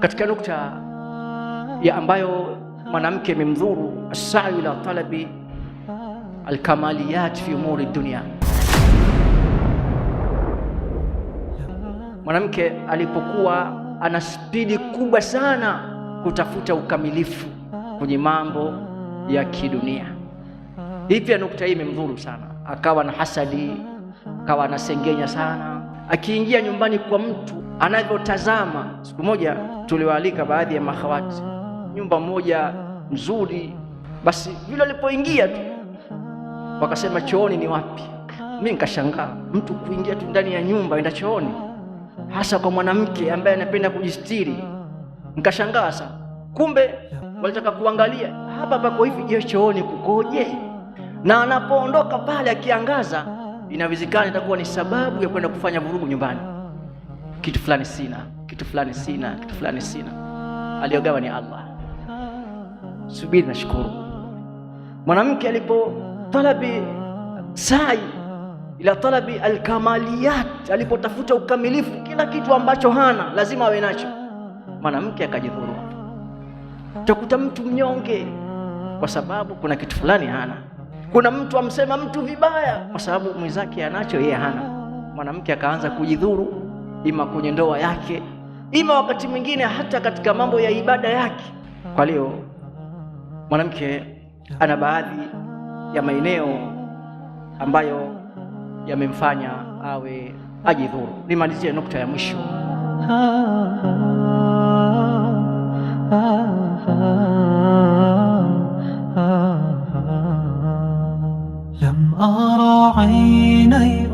Katika nukta ya ambayo mwanamke amemdhuru asai ila talabi alkamaliyat fi umuri dunia, mwanamke alipokuwa ana spidi kubwa sana kutafuta ukamilifu kwenye mambo ya kidunia. Hii pia nukta hii imemdhuru sana, akawa na hasadi, akawa anasengenya sana, akiingia nyumbani kwa mtu anavyotazama. Siku moja tuliwaalika baadhi ya mahawati nyumba moja nzuri, basi vile alipoingia tu wakasema chooni ni wapi? mi nikashangaa mtu kuingia tu ndani ya nyumba enda chooni, hasa kwa mwanamke ambaye anapenda kujistiri. Nikashangaa sana, kumbe walitaka kuangalia hapa pako hivi, je, chooni kukoje? Na anapoondoka pale akiangaza, inawezekana itakuwa ni sababu ya kwenda kufanya vurugu nyumbani kitu fulani sina, kitu fulani sina, kitu fulani sina. Aliyogawa ni Allah. Subiri na shukuru. Mwanamke alipo talabi sai ila talabi alkamaliyat, alipotafuta ukamilifu, kila kitu ambacho hana lazima awe nacho, mwanamke akajidhuru Utakuta mtu mnyonge kwa sababu kuna kitu fulani hana. Kuna mtu amsema mtu vibaya kwa sababu mwenzake anacho, yeye hana. Mwanamke akaanza kujidhuru ima kwenye ndoa yake, ima wakati mwingine hata katika mambo ya ibada yake. Kwa leo mwanamke ana baadhi ya maeneo ambayo yamemfanya awe ajidhuru. Nimalizie nukta ya mwisho. lam ara ainai